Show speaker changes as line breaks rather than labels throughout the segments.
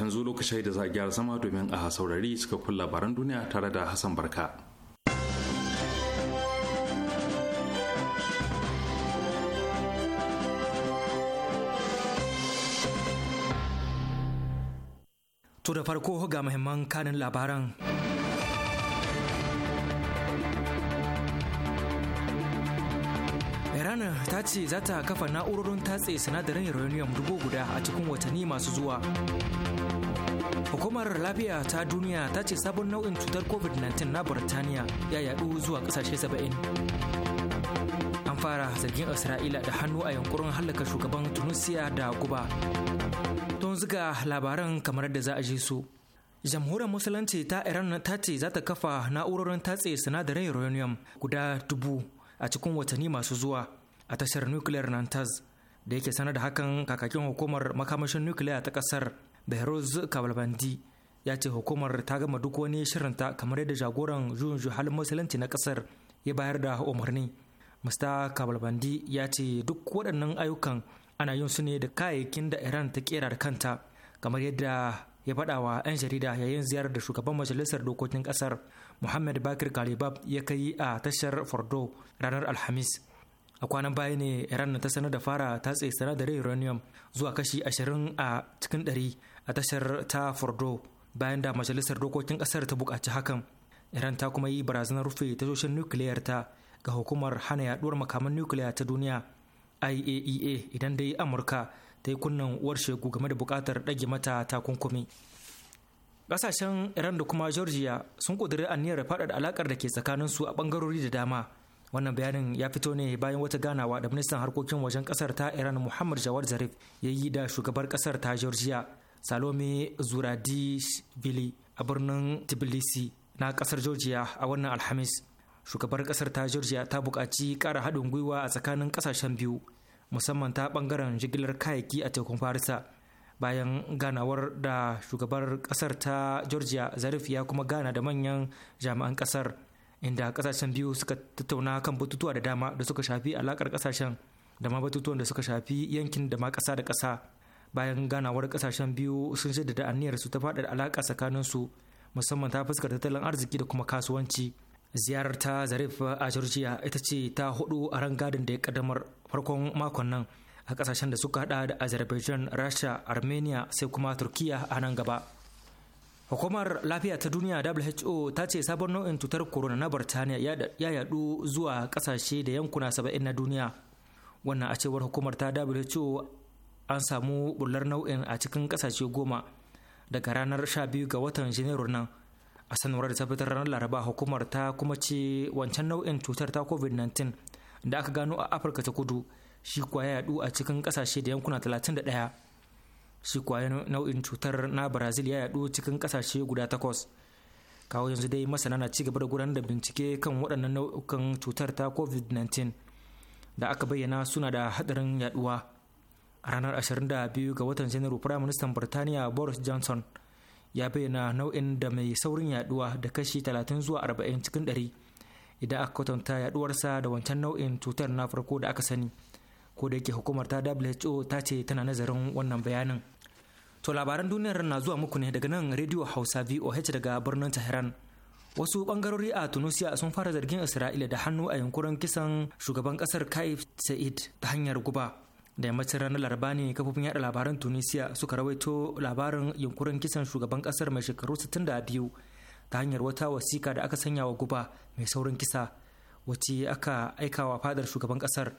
yanzu lokacin da za a gyara zama domin a saurari suka cikakkun labaran duniya tare da Hassan Barka.
To da farko ga muhimman kanin labaran. irana ta ce za ta kafa na'urorin tatse sinadarin uranium dubu guda a cikin watanni masu zuwa. Hukumar lafiya ta duniya ta ce sabon nau'in cutar COVID-19 na Burtaniya ya yadu zuwa kasashe saba'in. An fara zargin Isra'ila da hannu a yankurin hallaka shugaban Tunisia da Guba. Don ziga labaran kamar da za a je su. jamhuriyar musulunci ta iran ta ce za ta kafa na'urorin tatse sinadarin uranium guda dubu a cikin watanni masu zuwa a tashar nuclear Nantas da yake sanar da hakan kakakin hukumar makamashin nuclear ta kasar Behrouz Kabalbandi ya ce hukumar ta gama duk wani shirinta kamar yadda jagoran juyin juhal musulunci na kasar ya bayar da umarni. Mr. Kabalbandi ya ce duk waɗannan ayyukan ana yin su ne da kayayyakin da Iran ta kera da kanta kamar yadda ya faɗa wa 'yan jarida yayin ziyarar da shugaban majalisar dokokin ƙasar Muhammad Bakir Kalibab ya kai a tashar Fordo ranar Alhamis. a kwanan baya ne iran ta sanar da fara tatse sinadarin uranium zuwa kashi ashirin a cikin 100 a tashar ta fordo bayan da majalisar dokokin kasar ta bukaci hakan iran ta kuma yi barazanar rufe tashoshin nukiliyar ta ga hukumar hana yaduwar makaman nukiliya ta duniya iaea e idan dai amurka ta yi kunnen uwar shegu game da buƙatar ɗage mata takunkumi ƙasashen iran da kuma georgia sun ƙudiri aniyar faɗaɗa alaƙar da ke tsakaninsu a ɓangarori da dama wannan bayanin ya fito ne bayan wata ganawa da ministan harkokin wajen kasar ta iran muhammad jawar zarif ya yi da shugabar kasar ta georgia salome zuradishvili a birnin tbilisi na kasar georgia a wannan alhamis shugabar kasar ta georgia ta bukaci kara haɗin gwiwa a tsakanin ƙasashen biyu musamman ta ɓangaren jigilar kayayyaki a tekun farisa bayan ganawar da shugabar kasar ta georgia zarif ya kuma gana da manyan jami'an kasar inda kasashen biyu suka tattauna kan batutuwa da dama da suka shafi alakar kasashen da ma batutuwan da suka shafi yankin da ma kasa da kasa bayan ganawar kasashen biyu sun da aniyar su ta faɗaɗa alaka tsakanin su musamman ta fuskar tattalin arziki da kuma kasuwanci ziyarar ta zarif a georgia ita ce ta hudu a ran gadin da ya kaddamar farkon makon nan a kasashen da suka hada da azerbaijan rasha armenia sai kuma turkiya a nan gaba Hukumar lafiya ta duniya WHO ta ce sabon nau'in cutar corona na Birtaniya ya yadu zuwa kasashe da yankuna saba'in na duniya. Wannan a cewar hukumar ta WHO an samu bular nau'in a cikin kasashe goma daga ranar 12 ga watan Janairu nan. A sanarwar da ta fitar ranar Laraba hukumar ta kuma ce wancan nau'in cutar ta COVID-19 da aka gano a Afirka ta kudu shi kuwa ya yadu a cikin kasashe da yankuna 31. shi kwayan nau'in cutar na brazil ya yadu cikin kasashe guda takwas kawo yanzu dai masana na cigaba da gudanar da bincike kan waɗannan nau'ukan cutar ta covid-19 da aka bayyana suna da hadarin yaduwa a ranar 22 ga watan janairu prime minister birtaniya boris johnson ya bayyana nau'in da mai saurin yaduwa da kashi 30 zuwa 40 cikin 100 idan aka kwatanta yaduwarsa da wancan nau'in cutar na farko da aka sani ko da yake hukumar ta WHO ta ce tana nazarin wannan bayanin to labaran duniyar na zuwa muku ne daga nan radio Hausa VOH daga birnin Tehran wasu bangarori a tunisia sun fara zargin isra'ila da hannu a yankuran kisan shugaban kasar kaif sa'id ta hanyar guba da yammacin ranar laraba ne kafofin yada labaran tunisia suka rawaito labarin yankuran kisan shugaban kasar mai shekaru 62 ta hanyar wata wasika da aka sanya wa guba mai saurin kisa wacce aka aika wa fadar shugaban kasar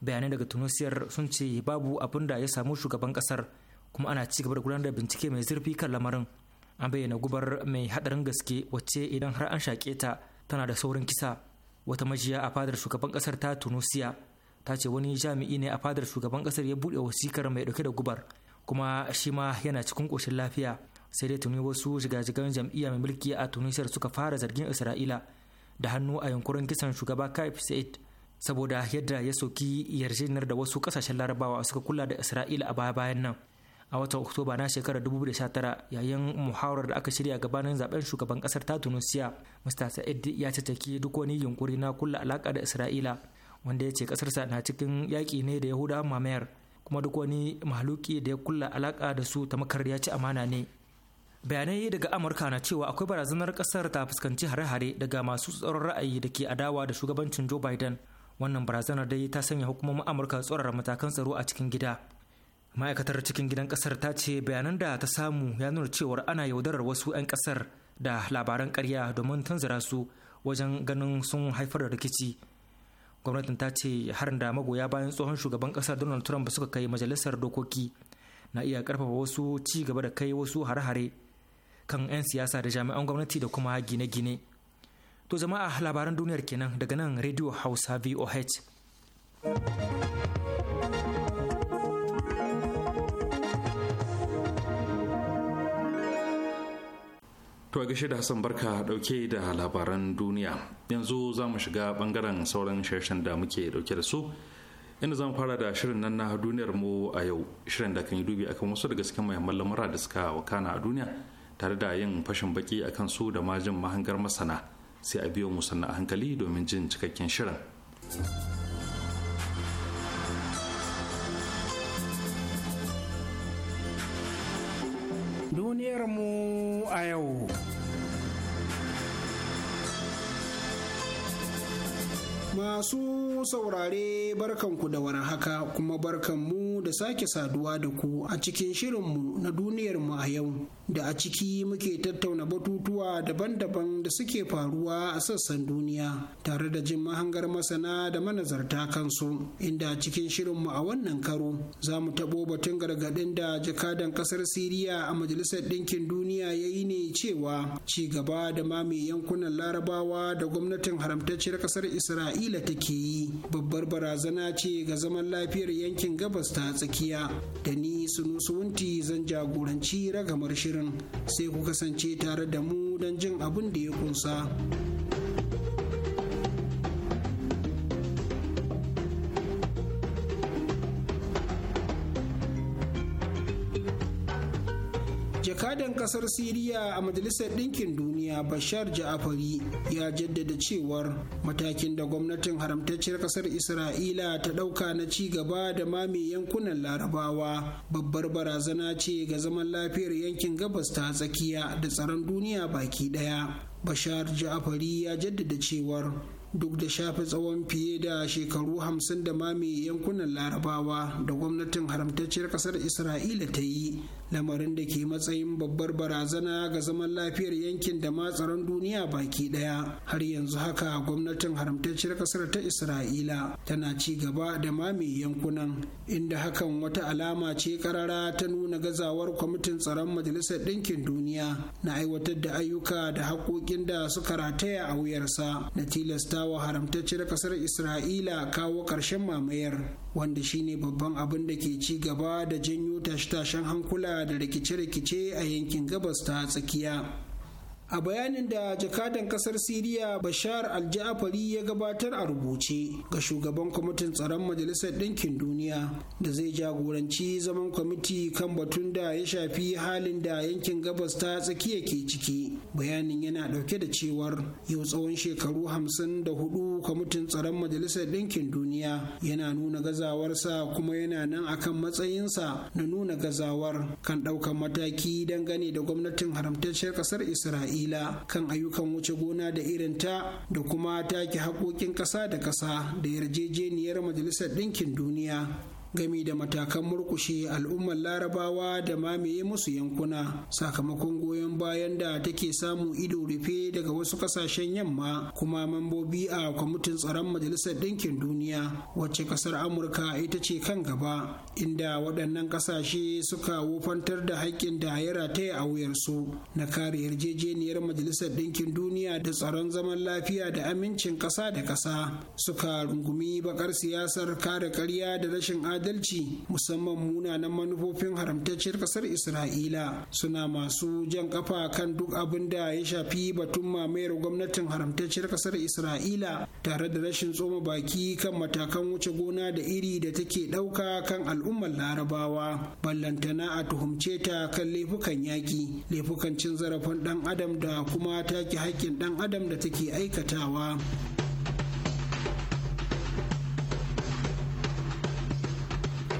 bayanai daga tunisiyar sun ce babu abin da ya samu shugaban kasar kuma ana ci gaba da gudanar da bincike mai zurfi kan lamarin an bayyana gubar mai hadarin gaske wacce idan har an shaƙe ta tana da saurin kisa wata majiya a fadar shugaban kasar ta tunisiya ta ce wani jami'i ne a fadar shugaban kasar ya buɗe wasikar mai ɗauke da gubar kuma shi ma yana cikin ƙoshin lafiya sai dai tuni wasu shiga-shigan jam'iyya mai mulki a tunisiyar suka fara zargin isra'ila da hannu a yunkurin kisan shugaba kaif sa'id saboda yadda ya soki yarjejeniyar da wasu kasashen larabawa suka kula da isra'ila a baya bayan nan a watan oktoba na shekarar 2019 yayin muhawarar da aka shirya gabanin zaben shugaban kasar ta tunisia mr sa'id ya cataki duk wani yunkuri na kula alaka da isra'ila wanda ya ce kasarsa na cikin yaƙi ne da yahuda mamayar kuma duk wani mahaluki da ya kulla alaka da su ta makar ya ci amana ne bayanai daga amurka na cewa akwai barazanar kasar ta fuskanci hare-hare daga masu tsaron ra'ayi da ke adawa da shugabancin joe biden wannan barazanar dai ta sanya hukumomin amurka tsorara matakan tsaro a cikin gida ma'aikatar cikin gidan kasar ta ce bayanan da ta samu ya nuna cewar ana yaudarar wasu 'yan kasar da labaran karya domin tanzara su wajen ganin sun haifar da rikici gwamnatin ta ce harin da magoya bayan tsohon shugaban kasar donald trump suka kai majalisar dokoki na iya karfafa wasu ci gaba da kai wasu hare-hare kan 'yan siyasa da jami'an gwamnati da kuma gine-gine To zama a labaran duniyar kenan daga nan Radio Hausa VOH.
To gashi da Hassan Barka dauke da labaran duniya. Yanzu za mu shiga bangaren sauran shirshen da muke dauke da su. Inda zan fara da shirin nan na duniyar mu a yau, shirin da kan yi dubi akan wasu daga cikin muhimman lamura da suka wakana a duniya tare da yin fashin baki akan su da majin mahangar masana. sai a biyo musanna a hankali domin jin cikakken shirin
duniyar mu a yau
Masu saurare barkanku da warhaka kuma barkanmu da sake saduwa da ku a cikin shirinmu na duniyar mu a yau. da a ciki muke tattauna batutuwa daban-daban da suke faruwa a sassan duniya tare da jin mahangar masana da manazarta kansu inda a cikin shirinmu a wannan karo za mu taɓo batun gargaɗin da jakadan ƙasar siriya a majalisar ɗinkin duniya ya yi ne cewa ci gaba da mai yankunan larabawa da gwamnatin haramtacciyar ƙasar isra'ila kila take yi babbar barazana ce ga zaman lafiyar yankin gabas ta tsakiya da ni sunusuwunti zan jagoranci ragamar shirin sai ku kasance tare da mu don jin abin da ya kunsa. jakadan kasar siriya a majalisar ɗinkin duniya bashar ja'afari ya jaddada cewar matakin da gwamnatin haramtacciyar kasar isra'ila ta ɗauka na ci gaba da mame yankunan larabawa babbar barazana ce ga zaman lafiyar yankin gabas ta tsakiya da tsaron duniya baki ɗaya bashar ja'afari ya jaddada cewar duk da shafe tsawon fiye da shekaru hamsin da mame yankunan larabawa da gwamnatin haramtacciyar kasar isra'ila ta yi lamarin da ke matsayin babbar barazana ga zaman lafiyar yankin da ma tsaron duniya baki daya har yanzu haka gwamnatin haramtacciyar kasar ta isra'ila tana ci gaba da mame yankunan inda hakan wata alama ce karara ta nuna gazawar kwamitin tsaron majalisar ɗinkin duniya na aiwatar da ayyuka da haƙoƙin da suka rataya a wuyarsa na tilastawa haramtacciyar kasar isra'ila kawo ƙarshen mamayar wanda shine babban abin da ke ci gaba da janyo tashe-tashen hankula da rikice-rikice a yankin gabas ta tsakiya a bayanin da jakadan kasar siriya bashar alja'afari ya gabatar a rubuce ga shugaban kwamitin tsaron majalisar ɗinkin duniya da zai jagoranci zaman kwamiti kan batun da ya shafi halin da yankin gabas ta tsakiya ke ciki bayanin yana ɗauke da cewar yau tsawon shekaru hamsin da hudu kwamitin tsaron majalisar ɗinkin duniya yana nuna gazawarsa kuma yana nan akan matsayinsa na nuna gazawar kan ɗaukan mataki dangane da gwamnatin haramtacciyar ƙasar isra'ila isra'ila kan ayyukan wuce gona da irin ta da kuma take haƙoƙin ƙasa da ƙasa da yarjejeniyar majalisar ɗinkin duniya gami da matakan murkushe al'ummar larabawa da mamaye musu yankuna sakamakon goyon bayan da take samun ido rufe daga wasu kasashen yamma kuma mambobi a kwamitin tsaron majalisar ɗinkin duniya wacce kasar amurka ita ce kan gaba inda waɗannan kasashe suka wufantar da haƙƙin da ya rataya a wuyarsu na kare yarjejeniyar majalisar ɗinkin duniya da tsaron zaman lafiya da amincin ƙasa da ƙasa suka rungumi bakar siyasar kare karya da rashin adalci adalci musamman munanan manufofin haramtacciyar kasar isra'ila suna masu jan kafa kan duk abin da ya shafi batun mamayar gwamnatin haramtacciyar kasar isra'ila tare da rashin tsoma baki kan matakan wuce gona da iri da take ɗauka kan al'ummar larabawa ballantana a tuhumce ta kan laifukan yaƙi laifukan cin zarafin ɗan adam da kuma take haƙƙin ɗan adam da take aikatawa.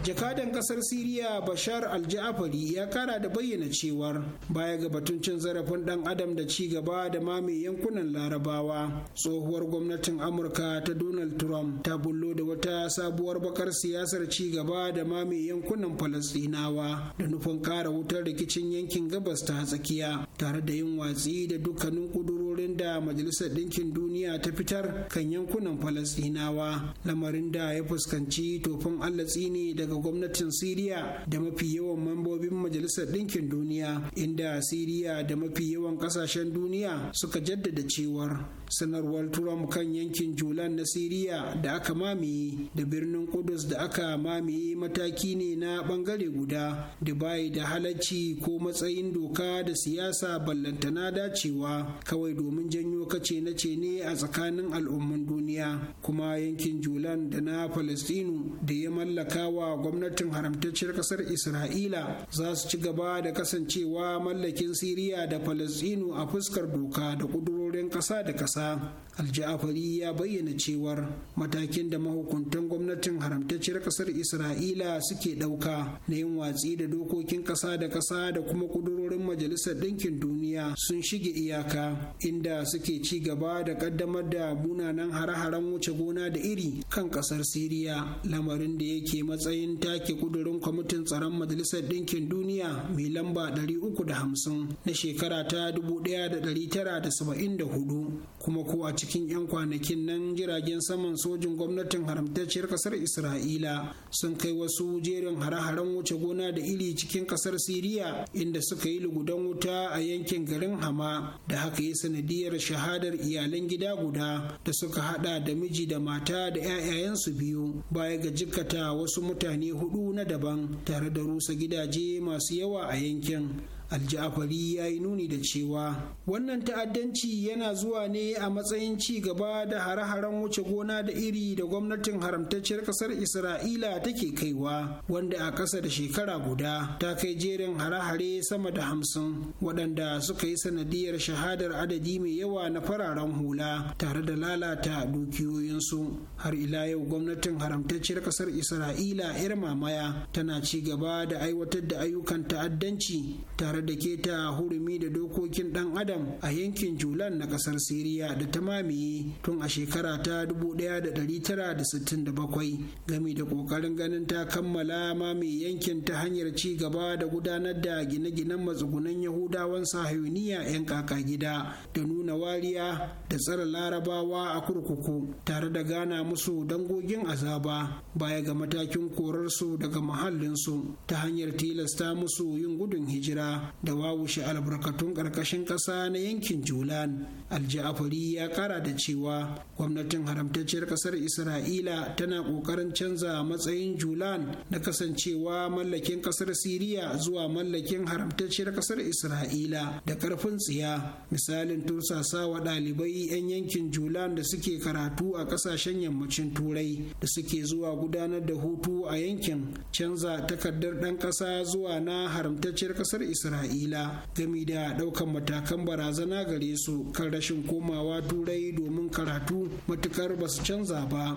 jakadan kasar siriya bashar alja'afari ya kara da bayyana cewar baya ga batun cin zarafin dan adam da ci gaba da mame yankunan larabawa tsohuwar gwamnatin amurka ta donald trump ta bullo da wata sabuwar bakar siyasar ci gaba da mame yankunan falastinawa da nufin kara wutar rikicin yankin gabas ta tsakiya tare da yin watsi da dukkanin kudurorin da majalisar ɗinkin duniya ta fitar kan yankunan falastinawa lamarin da ya fuskanci tofin allatsi ne daga gwamnatin siriya da mafi yawan mambobin majalisar Dinkin duniya inda siriya da mafi yawan ƙasashen duniya suka jaddada cewar sanarwar Trump kan yankin Julan na Siriya da aka mamaye da birnin Kudus da aka mamaye mataki ne na bangare guda da bai da halacci ko matsayin doka da siyasa ballantana dacewa kawai domin janyo kace na ce ne a tsakanin al'ummun duniya kuma yankin Julan da na Falastinu da ya mallaka wa gwamnatin haramtacciyar kasar Isra'ila za su ci gaba da kasancewa mallakin Siriya da Falastinu a fuskar doka da kudurorin ƙasa da ƙasa ƙasa alja'afari ya bayyana cewar matakin da mahukuntan gwamnatin haramtacciyar kasar isra'ila suke ɗauka na yin watsi da dokokin ƙasa da ƙasa da kuma ƙudurorin majalisar ɗinkin duniya sun shige iyaka inda suke ci gaba da ƙaddamar da munanan hare-haren wuce gona da iri kan ƙasar siriya lamarin da yake matsayin take ƙudurin kwamitin tsaron majalisar ɗinkin duniya mai lamba 350 na shekara ta 1974 kuma ko a cikin 'yan kwanakin nan jiragen saman sojin gwamnatin haramtacciyar kasar isra'ila sun kai wasu jerin hare-haren wuce gona da iri cikin kasar siriya inda suka yi lugudan wuta a yankin garin hama da haka yi sanadiyar shahadar iyalan gida guda da suka hada da miji da mata da 'ya'yayensu biyu baya ga jikkata wasu mutane hudu na daban tare da rusa gidaje masu yawa a yankin aljafari ya yi nuni da cewa wannan ta'addanci yana zuwa ne a matsayin ci gaba da hare-haren wuce gona da iri da gwamnatin haramtacciyar kasar isra'ila take kaiwa wanda a ƙasa da shekara guda ta kai jerin hare-hare sama da hamsin waɗanda suka yi sanadiyar shahadar adadi mai yawa na fararen hula tare da lalata dukiyoyinsu har ila yau gwamnatin haramtacciyar kasar isra'ila irma maya tana ci gaba da aiwatar da ayyukan ta'addanci tare har da keta hurumi da dokokin dan adam a yankin julan na kasar siriya da ta mamaye tun a shekara ta 1967 gami da kokarin ganin ta kammala mamaye yankin ta hanyar ci gaba da gudanar da gine-ginen matsugunan yahudawan sahiyuniya 'yan kaka gida da nuna wariya da tsara larabawa a kurkuku tare da gana musu dangogin azaba baya ga matakin korarsu daga muhallinsu ta hanyar tilasta musu yin gudun hijira da wawushe albarkatun ƙarƙashin ƙasa na yankin julan AlJafari ya ƙara da cewa gwamnatin haramtacciyar ƙasar isra'ila tana ƙoƙarin canza matsayin julan na kasancewa mallakin ƙasar siriya zuwa mallakin haramtacciyar ƙasar isra'ila da ƙarfin tsiya misalin tursasa wa ɗalibai 'yan yankin julan da suke karatu a ƙasashen yammacin turai da suke zuwa gudanar da hutu a yankin canza takardar ɗan ƙasa zuwa na haramtacciyar ƙasar isra'ila isra'ila gami da ɗaukan matakan barazana gare su kan rashin komawa turai domin karatu matukar basu canza ba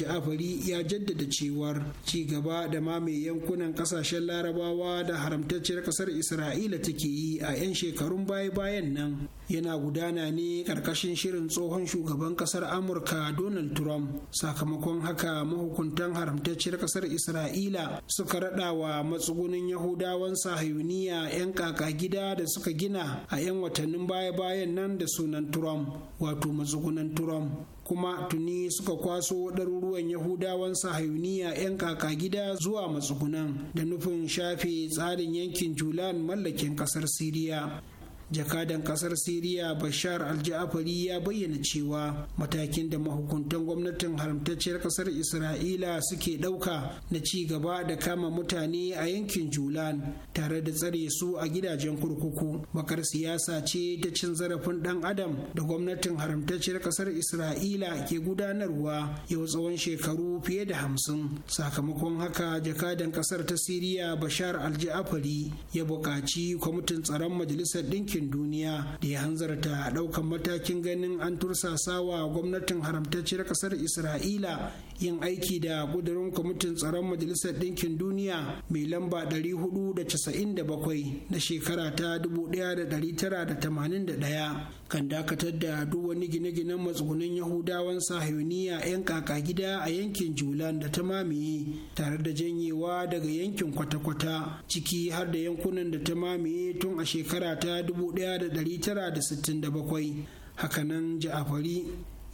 ja'afari ya jaddada cewar ci gaba da mamaye yankunan kasashen larabawa da haramtacciyar kasar isra'ila take yi a 'yan shekarun baya-bayan nan yana gudana ne karkashin shirin tsohon shugaban kasar amurka donald trump sakamakon haka mahukuntan haramtacciyar kasar isra'ila suka rada wa matsugunin yahudawan sahayuniya 'yan kaka gida da suka gina a 'yan watannin baya-bayan nan da sunan trump wato matsugunan trump kuma tuni suka kwaso ɗaruruwan yahudawan sahayuniya 'yan kaka gida zuwa matsugunan da nufin shafe tsarin yankin julan mallakin ƙasar siriya jakadan kasar siriya bashar alja'afari ya bayyana cewa matakin da mahukuntan gwamnatin haramtacciyar kasar isra'ila suke ɗauka na ci gaba da kama mutane a yankin julan tare da tsare su a gidajen kurkuku bakar siyasa ce ta cin zarafin ɗan adam da gwamnatin haramtacciyar kasar isra'ila ke gudanarwa yau tsawon shekaru fiye da hamsin sakamakon haka jakadan kasar ta siriya bashar alja'afari ya buƙaci kwamitin tsaron majalisar ɗinkin ɗinkin duniya da ya hanzarta ɗaukan matakin ganin an tursasa wa gwamnatin haramtacciyar ƙasar isra'ila yin aiki da ƙudurin kwamitin tsaron majalisar ɗinkin duniya mai lamba 497 na shekara ta 1981 kan dakatar da duk wani gine-ginen matsugunan yahudawan sahiyoniya 'yan kaka gida a yankin julan da ta mamaye tare da janyewa daga yankin kwata-kwata ciki har da yankunan da ta mamaye tun a shekara ta 1967 hakanan ja'afari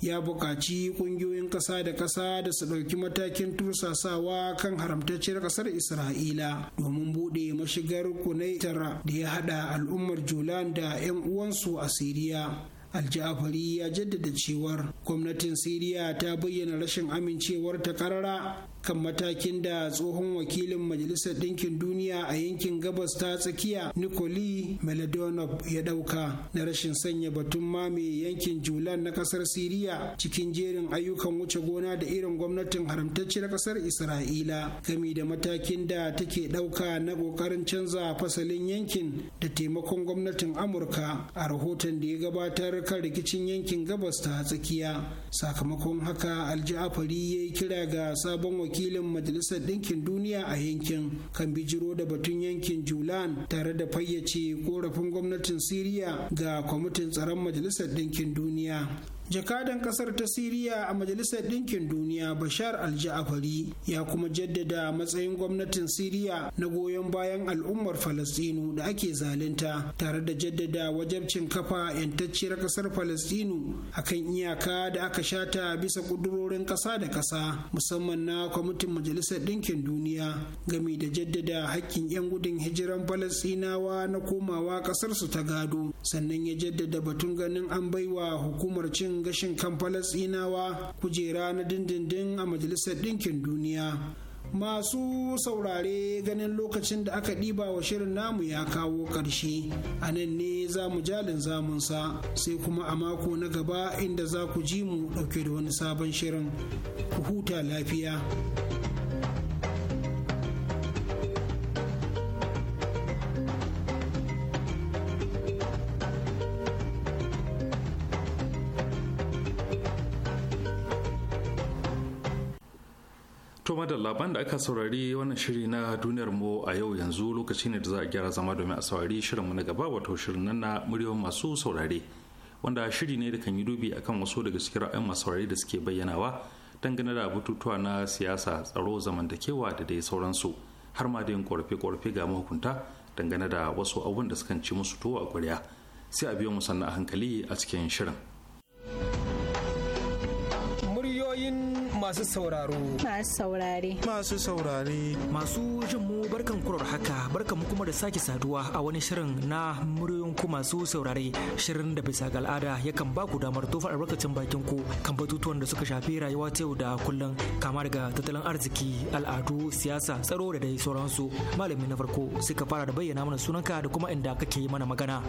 ya buƙaci ƙungiyoyin ƙasa da ƙasa da su ɗauki matakin tursasawa kan haramtacciyar ƙasar isra'ila domin buɗe mashigar kunaitar da ya haɗa al'ummar julan da 'yan uwansu a siriya aljahari ya jaddada cewar gwamnatin siriya ta bayyana rashin amincewar ta karara kan matakin da tsohon wakilin majalisar ɗinkin duniya a yankin gabas ta tsakiya nikoli meladonov ya ɗauka na rashin sanya batun mame yankin julan na ƙasar siriya cikin jerin ayyukan wuce gona da irin gwamnatin haramtacciyar ƙasar isra'ila gami da matakin da take ɗauka na ƙoƙarin canza fasalin yankin da taimakon gwamnatin amurka a rahoton da ya gabatar kan rikicin yankin gabas ta tsakiya sakamakon haka aljafari ya yi kira ga sabon wakilin wakilin majalisar ɗinkin duniya a yankin kan bijiro da batun yankin julan tare da fayyace korafin gwamnatin siriya ga kwamitin tsaron majalisar ɗinkin duniya jakadan kasar ta siriya a majalisar ɗinkin duniya bashar alja'afari ya kuma jaddada matsayin gwamnatin siriya na goyon bayan al'ummar falastinu da ake zalunta tare da jaddada wajabcin kafa 'yantacciyar kasar falastinu akan iyaka da aka shata bisa ƙudurorin ƙasa da ƙasa musamman na kwamitin majalisar ɗinkin duniya gami da jaddada hakkin 'yan gudun hijiran falastinawa na komawa ƙasarsu ta gado sannan ya jaddada batun ganin an baiwa hukumar cin gashin kan falasinawa kujera na dindindin a majalisar ɗinkin duniya masu saurare ganin lokacin da aka ɗiba wa shirin namu ya kawo ƙarshe a nan ne za mu jalin zamunsa sai kuma a mako na gaba inda za ku ji mu ɗauke da wani sabon shirin ku huta lafiya
To da laban da aka saurari wannan shiri na duniyar mu a yau yanzu lokaci ne da za a gyara zama domin a saurari shirinmu na gaba wato shirin nan na muryar masu saurare wanda shiri ne da kan yi dubi akan wasu daga cikin ra'ayin masu saurare da suke bayyanawa dangane da batutuwa na siyasa tsaro zamantakewa da dai sauransu har ma da yin korafe-korafe ga mahukunta dangane da wasu abubuwan da sukan ci musu tuwo a ƙwarya sai a biyo mu sannan a hankali a cikin shirin.
masu sauraro. Masu saurare. Masu saurare. Masu jin mu barkan kurar haka barkan mu kuma da sake saduwa a wani shirin na muryoyin ku masu saurare shirin da bisa ga al'ada yakan ba ku damar tofa albarkacin bakin ku kan batutuwan da suka shafi rayuwa ta yau da kullun kama daga tattalin arziki al'adu siyasa tsaro da dai sauransu malami na farko suka fara da bayyana mana sunanka da kuma inda kake yi mana magana.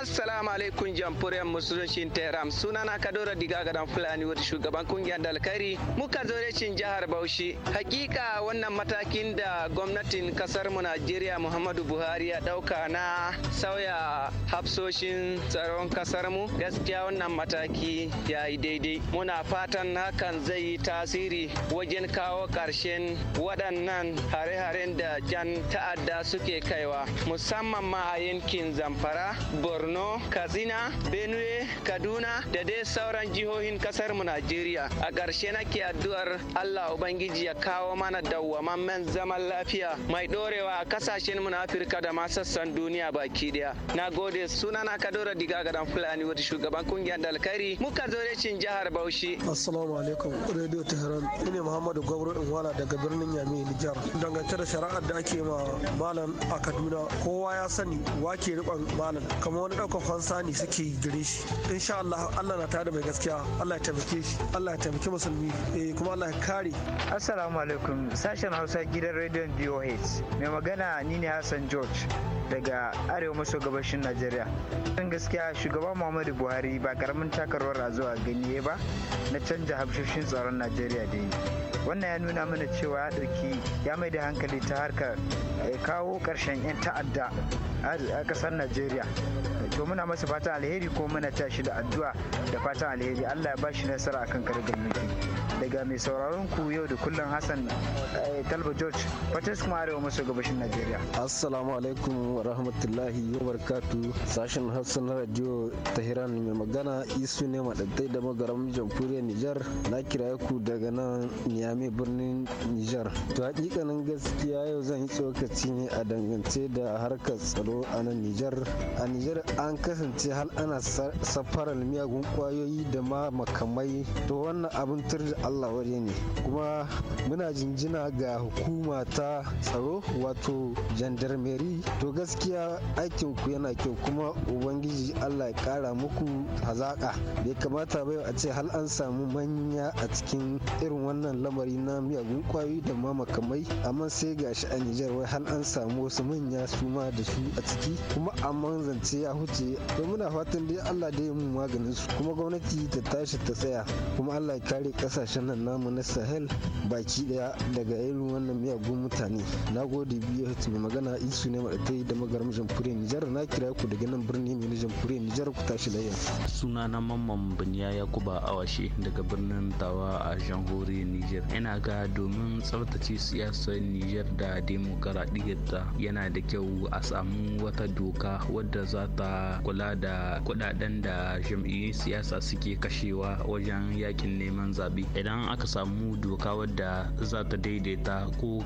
Assalamu alaikum jamfuriyar musulunci Tehran sunana Kadora Diga Gadan Fulani wata shugaban kungiyar dalkari muka Daga zorecin jihar Bauchi, hakika wannan matakin da gwamnatin kasar mu Najeriya Muhammadu Buhari ya dauka na sauya hafsoshin tsaron kasar mu gaskiya wannan mataki ya yi daidai. Muna fatan hakan zai yi tasiri wajen kawo ƙarshen waɗannan hare-haren da jan ta'adda suke kaiwa musamman ma a yankin Zamfara, Borno, Katsina, Benue, Kaduna da dai sauran jihohin kasar mu Najeriya. A ƙarshe nake addu'a addu'ar Allah Ubangiji ya kawo mana dawwamammen zaman lafiya mai dorewa a kasashen mu na Afirka da ma sassan duniya baki daya. Na gode sunana Kadora Diga dan Fulani wata shugaban kungiyar Dalkari muka zo cin jihar Bauchi.
Assalamu alaikum Radio Tehran ne Muhammadu Gwabro Inwala daga birnin Yami Nijar. Dangantar da shari'ar da ake ma malam a Kaduna kowa ya sani wake rikon malam kamar wani ɗaukar fansa ne suke gire shi. Insha Allah Allah na tare da mai gaskiya Allah ya taimake shi Allah ya taimaki musulmi. Eh kuma Allah kare assalamu alaikum sashen hausa gidan rediyon boh mai magana ni ne hassan george daga arewa maso gabashin najeriya don gaskiya Shugaban muhammadu buhari ba karamin takarwar a zuwa gani ba na canja hafshoshin tsaron najeriya da yi wannan ya nuna mana cewa ya ɗauki ya mai da hankali ta harkar eh, kawo ƙarshen 'yan ta'adda a ƙasar najeriya to muna masa fatan alheri ko muna tashi da addu'a da fatan alheri allah ya ba shi nasara akan kargar mulki daga mai sauraron ku yau da kullum hassan eh, talba george fatas kuma arewa maso gabashin najeriya assalamu alaikum wa rahmatullahi wa barakatu sashen hassan radio tahiran mai magana isu ne madaddai da magaram jamhuriyar nijar na kiraye ku daga nan niyami birnin nijar to hakikanin gaskiya yau zan yi tsokaci ne a dangance da harkar tsaro a nan nijar a nijar an kasance hal ana safarar miyagun kwayoyi da ma makamai to wannan abin turji Allah ne kuma muna jinjina ga hukuma ta tsaro wato jandarmeri to gaskiya aikin ku yana kyau kuma ubangiji Allah ya kara muku hazaka bai kamata ba a ce hal an samu manya a cikin irin wannan lamari na miyagun kwayoyi da ma makamai amma sai ga shi a Nijar wai hal an samu wasu manya su ma da su a ciki kuma amma zance ya huce to muna fatan dai Allah dai mu maganin su kuma gwamnati ta tashi ta tsaya kuma Allah ya kare kasashen kasashen namu na sahel baki daya daga irin wannan miyagun mutane na gode biyu mai magana isu ne maɗatai da magaram jamhuriyar nijar na kira ku daga nan birni mai na jamhuriyar nijar ku tashi layya
suna na mamman biniya yakuba awashe daga birnin tawa a jamhuriyar nijar ina ga domin tsaftace siyasar nijar da demokaradiyyarta yana da kyau a samu wata doka wadda za ta kula da kudaden da jam'iyyun siyasa suke kashewa wajen yakin neman zaɓe idan idan aka samu doka wadda za ta daidaita ko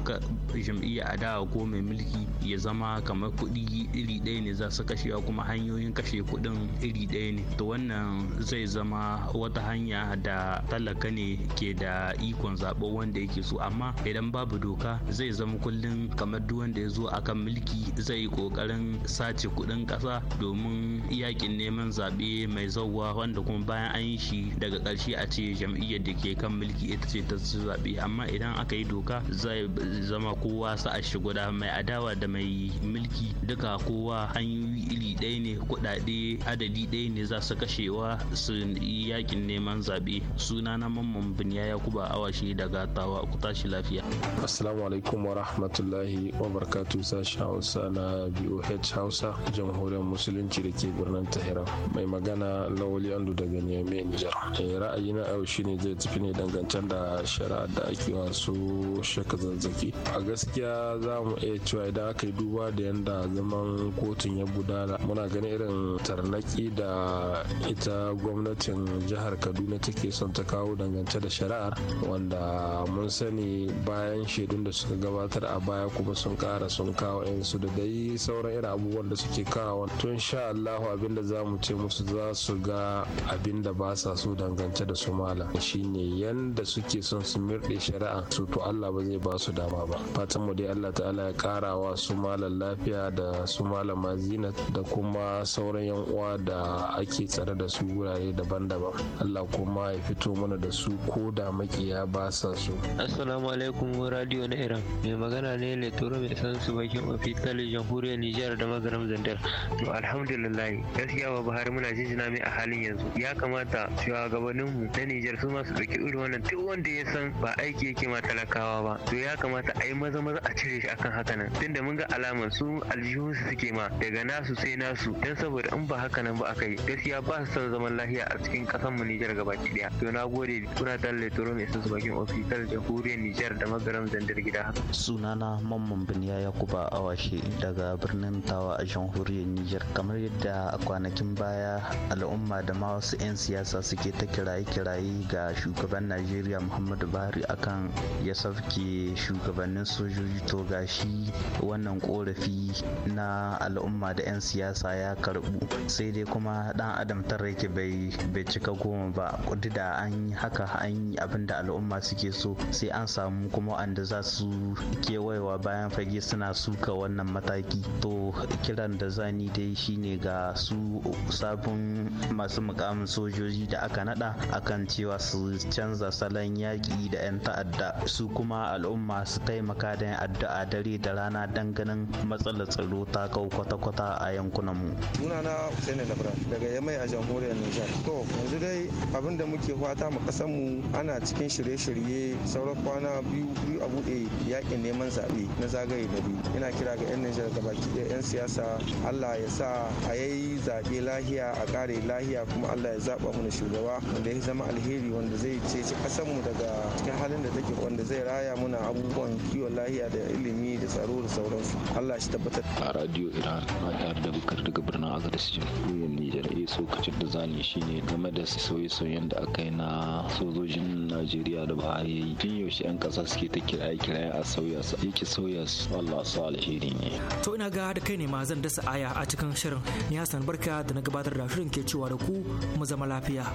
jam'iyya a da ko mai mulki ya zama kamar kuɗi iri ɗaya ne za su kashewa kuma hanyoyin kashe kuɗin iri ɗaya ne to wannan zai zama wata hanya da talaka ne ke da ikon zaɓo wanda yake so amma idan babu doka zai zama kullum kamar duk wanda ya zo akan mulki zai yi ƙoƙarin sace kuɗin ƙasa domin yakin neman zaɓe mai zauwa wanda kuma bayan an yi shi daga ƙarshe a ce jam'iyyar da ke kan kan mulki ita ce ta zaɓe amma idan aka yi doka zai zama kowa sa a shi guda mai adawa da mai mulki duka kowa hanyoyi iri ɗaya ne kuɗaɗe adadi ɗaya ne za su kashewa su yakin neman zaɓe suna na mamman biniya ya kuba awashi daga tawa ku tashi lafiya
assalamu alaikum wa rahmatullahi wa barakatuh sashi hausa na boh hausa jamhuriyar musulunci da ke birnin tahira mai magana lawali andu daga niamey nijar eh, na yau shine zai tafi ne dangance da shari'a da ake wasu shaka zanzaki a gaskiya za mu iya cewa idan aka yi duba da yadda zaman kotun ya gudana muna ganin irin tarnaki da ita gwamnatin jihar kaduna take son ta kawo dangance da shari'ar wanda mun sani bayan shaidun da suka gabatar a baya kuma sun kara sun kawo yansu da dai sauran irin abubuwan da suke kawo tun sha allahu abinda za mu ce musu za su ga abinda ba sa so dangance da su malam shine yan da suke son su mirɗe shari'a su to Allah ba zai ba su dama ba fatan mu dai Allah ta'ala ya karawa su malam lafiya da su malama mazina da kuma sauran yan uwa da ake tsare da su wurare daban-daban Allah kuma ya fito mana da su ko da makiya ba sa su
assalamu alaikum radio na iran mai magana ne ne turo mai san su bakin ofital jamhuriyar nijar da mazaram zandar to alhamdulillah gaskiya ba buhari muna jinjina mai a halin yanzu ya kamata shugabanninmu na nijar su ma su ɗauki irin wannan duk wanda ya san ba aiki yake ma talakawa
ba
to ya kamata a yi maza maza a cire shi akan haka nan
tunda mun ga alamar su
su suke ma
daga nasu sai nasu dan saboda in ba haka nan ba aka yi gaskiya ba su son zaman lafiya a cikin kasar
mu Nijar gabaki daya to na gode kuna dalle turo mai su bakin ofisar jamhuriyar Nijar da magaram zandar gida
sunana mamman biniya yakuba awashi daga birnin tawa a jamhuriyar Nijar kamar yadda a kwanakin baya al'umma da ma wasu 'yan siyasa suke ta kiraye kiraye ga shugaban najeriya muhammadu buhari akan ya sauke shugabannin sojoji to gashi wannan korafi na al'umma da 'yan siyasa ya karbu sai dai kuma dan adam tarrake bai bai cika goma ba kudi da an yi haka an yi abin da al'umma suke so sai an samu kuma wanda za su kewayewa bayan fage suna suka wannan mataki to kiran da zani dai shine ga su sabon masu mukamin sojoji da aka nada akan cewa su canza canza salon yaƙi da 'yan ta'adda su kuma al'umma su taimaka da yin addu'a dare da rana don ganin matsalar tsaro ta kau kwata-kwata a yankunan mu.
Sunana Hussein Labra daga Yamai a jamhuriyar Nijar. To yanzu dai abin da muke fata mu kasan mu ana cikin shirye-shirye sauran kwana biyu biyu a buɗe yaƙin neman zaɓe na zagaye da biyu. Ina kira ga 'yan Nijar da baki ɗaya 'yan siyasa Allah ya sa a yayi zaɓe lahiya a ƙare lahiya kuma Allah ya zaɓa mana shugaba wanda ya zama alheri wanda zai ce kasan mu daga cikin halin da take wanda zai raya muna abubuwan kiwon lahiya da ilimi da tsaro da sauransu allah shi tabbatar a radio iran na
tare da bukar daga birnin ne jamhuriyar nijar eh, so kace da zani shine game da sauye-sauyen da aka yi na sojojin najeriya da bahari yi tun yaushe yan kasa suke ta kiraye kiraye a sauya su yake sauya su allah su alheri ne
to ina ga da kai ne ma zan dasa aya a cikin shirin ni hassan barka da na gabatar da shirin ke cewa da ku mu zama lafiya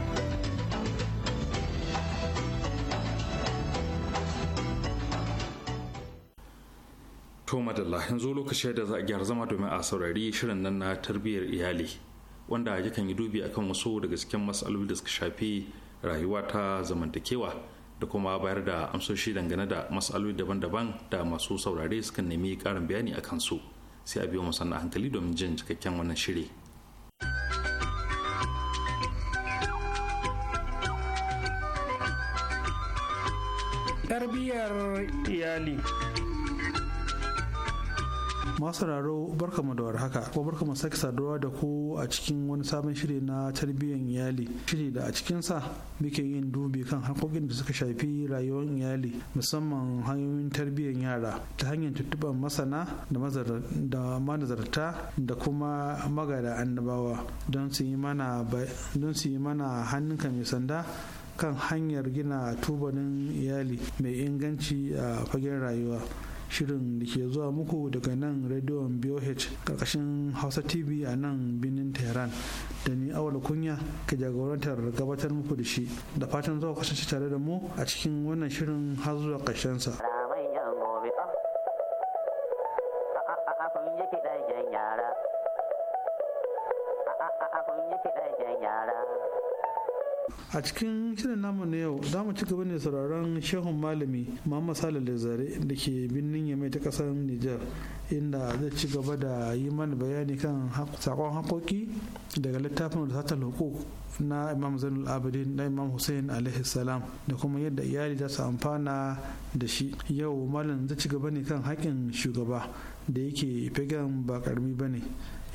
To madalla yanzu lokaci da za a gyara zama domin a saurari shirin nan na tarbiyyar iyali wanda yakan yi dubi akan wasu daga cikin matsaloli da suka shafi rayuwa ta zamantakewa da kuma bayar da amsoshi dangane da matsaloli daban-daban da masu saurare sukan nemi karin bayani akan su sai a biyo musanna hankali domin jin cikakken wannan shiri.
Tarbiyyar
iyali.
masu raro mu da haka ko barkamu sake saduwa da ku a cikin wani sabon shiri na tarbiyyar iyali shiri da a cikin sa muke yin dubi kan harkokin da suka shafi rayuwar iyali musamman hanyoyin tarbiyyar yara ta hanyar tuttuban masana da manazarta da kuma magada annabawa don su yi mana hannunka mai sanda kan hanyar gina tubalin iyali mai inganci a fagen rayuwa shirin da ke zuwa muku daga nan rediyon BOH karkashin Hausa TV a nan birnin Tehran da ni awal kunya ke jagorantar gabatar muku da shi da fatan zuwa kasance tare da mu a cikin wannan shirin har zuwa ƙarshensa. sa. a cikin shirin namu na yau za mu ci gaba ne sauraron shehun malami muhammad salih zare da ke birnin yamai ta kasar niger inda zai ci gaba da yi mana bayani kan sakon hakoki daga littafin da satar hukuk na imam zainul abidin na imam hussein alaihi salam da kuma yadda iyali za su amfana da shi yau malam zai ci gaba ne kan haƙƙin shugaba da yake fagen ba karmi ba ne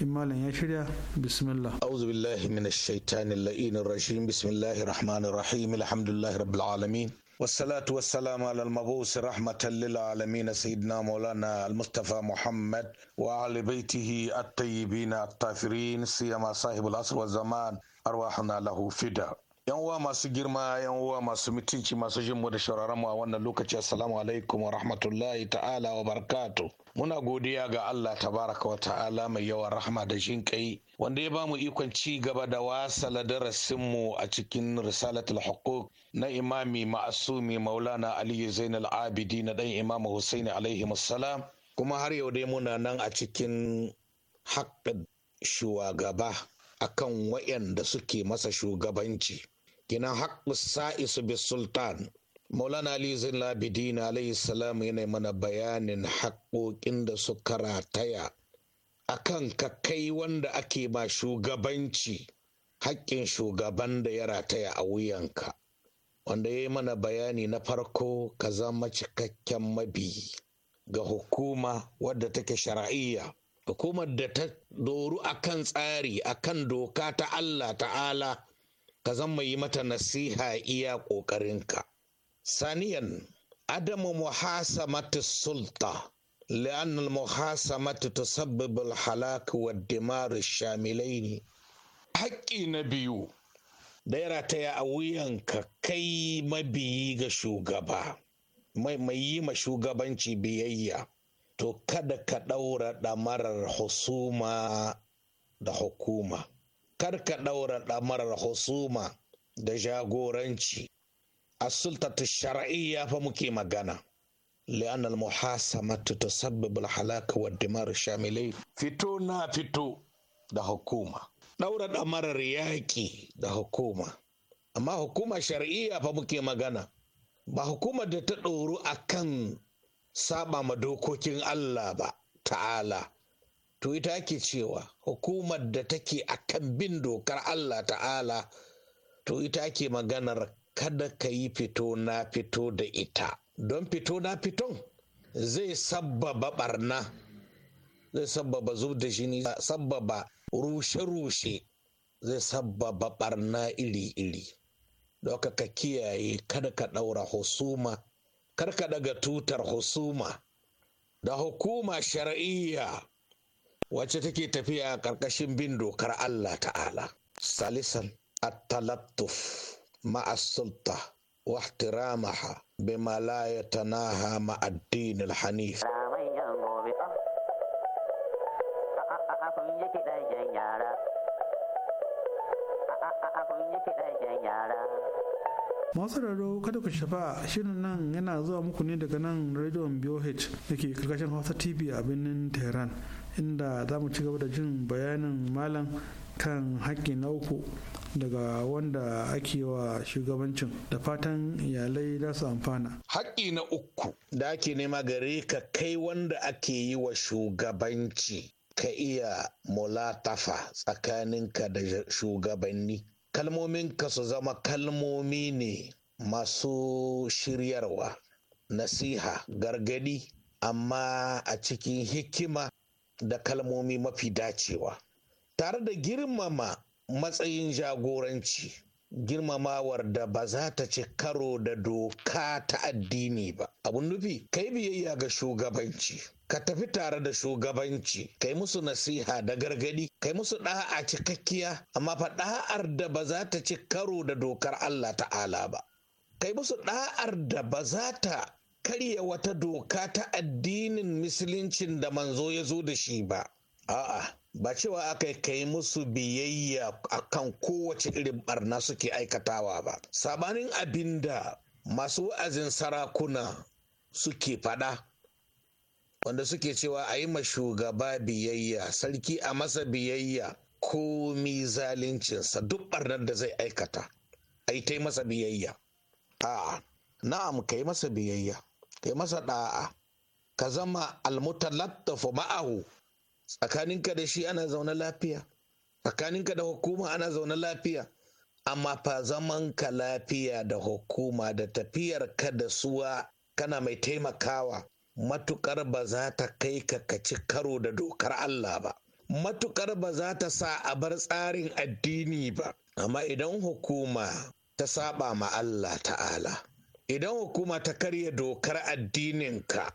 in إيه بسم ya shirya bismillah
a'udhu billahi minash shaitanir la'inir rajim bismillahir rahmanir rahim alhamdulillahi rabbil alamin والصلاة والسلام على المبعوث رحمة للعالمين سيدنا مولانا المصطفى محمد وعلى بيته الطيبين الطاهرين سيما صاحب العصر والزمان أرواحنا له فداء yan uwa masu girma yan uwa masu mutunci masu jin mu da shauraron mu a wannan lokaci assalamu alaikum wa rahmatullahi ta'ala wa barakatu muna godiya ga Allah tabaraka wa ta'ala mai yawan rahma da jin kai wanda ya bamu ikon ci gaba da wasala darasin mu a cikin risalatul huquq na imami ma'asumi maulana ali zainal abidi na dan imam husaini alaihi salam kuma har yau dai muna nan a cikin haƙƙin shugaba akan da suke masa shugabanci kenan haƙƙu sa'isu bi sultan maulana ali zin labidin alayhi salam yana mana bayanin haƙƙoƙin da suka rataya akan ka kai wanda ake ma shugabanci haƙƙin shugaban da ya rataya a wuyanka wanda ya yi mana bayani na farko ka zama cikakken mabi ga hukuma wadda take shara'iyya hukumar da ta doru akan tsari akan doka ta Allah ta'ala ka zan mai yi mata nasiha iya ƙoƙarinka. Saniyan, Adamu muhasamatu sulta, mata ta tusabbibul halak wa dimaru ne Haƙƙi na biyu, da ya wuyan a kai mabiyi ga shugaba, mai mai yi ma shugabanci biyayya, to kada ka ɗaura ɗamarar husuma da hukuma. karka ɗaura ɗamarar husuma da jagoranci a sultatu shar'iyya fa muke magana La'anar al-muhasamatu ta al-halaka wa dimar shamilai fito na fito da hukuma ɗaura ɗamarar yaƙi da hukuma amma hukuma shar'iyya fa muke magana ba hukumar da ta ɗoru a kan saba ma dokokin Allah ba ta'ala to ita ake cewa hukumar da take a kan bin dokar Allah ta'ala to ita ke maganar kada ka yi fito na fito da ita don fito na fiton zai sabbaba barna zai sabbaba zub da jini sabbaba rushe-rushe zai sabbaba barna iri-iri don ka kiyaye kada ka ɗaura husuma Karka ka daga tutar husuma da hukuma shar'iyya wacce take tafiya ƙarƙashin bin dokar Allah ta'ala. Salisan at-talattuf ma'a sulta wa ihtiramaha bima la yatanaha ma'ad-din hanif
masu raro kada ku shafa shirin nan yana zuwa muku ne daga nan rediyon boh da ke karkashin hausa tv a birnin tehran inda za mu ci gaba da jin bayanin malam kan haƙƙi na uku daga wanda ake wa shugabancin da fatan iyalai za su amfana.
Haƙƙi na uku da ake nema gare ka kai wanda ake yi wa shugabanci ka iya mulatafa tsakaninka da shugabanni. Kalmomin ka su zama kalmomi ne masu shiryarwa nasiha gargadi amma a cikin hikima da kalmomi mafi dacewa tare da girmama matsayin jagoranci girmamawar da ba za ta ci karo da doka ta addini ba abun nufi kai biyayya ga shugabanci ka tafi tare da shugabanci kai musu nasiha da gargadi kai musu ɗa'a cikakkiya amma fa ɗa'ar da ba za ta ci karo da dokar Allah ta'ala ba kai musu ɗa'ar da ba za ta karya wata doka ta addinin musuluncin da manzo ya zo da shi ba a'a ba cewa aka kai musu biyayya a kan kowace irin barna suke aikatawa ba sabanin abin da masu wa'azin sarakuna suke fada wanda suke cewa a yi ma shugaba biyayya sarki a masa biyayya komi zalincinsa, duk barnar da zai aikata a yi ta masa biyayya a'a na'am ka yi masa biyayya ka yi masa da'a ka zama almutallattafu ma'ahu tsakaninka da shi ana zaune lafiya tsakaninka da hukuma ana zaune lafiya amma fa zamanka lafiya da hukuma da tafiyar ka da suwa kana mai taimakawa matukar ba za ta kai ka kaci karo da dokar Allah ba matukar ba za ta sa a bar tsarin addini ba amma idan hukuma ta saba ma Allah ta'ala idan hukuma ta karya dokar addininka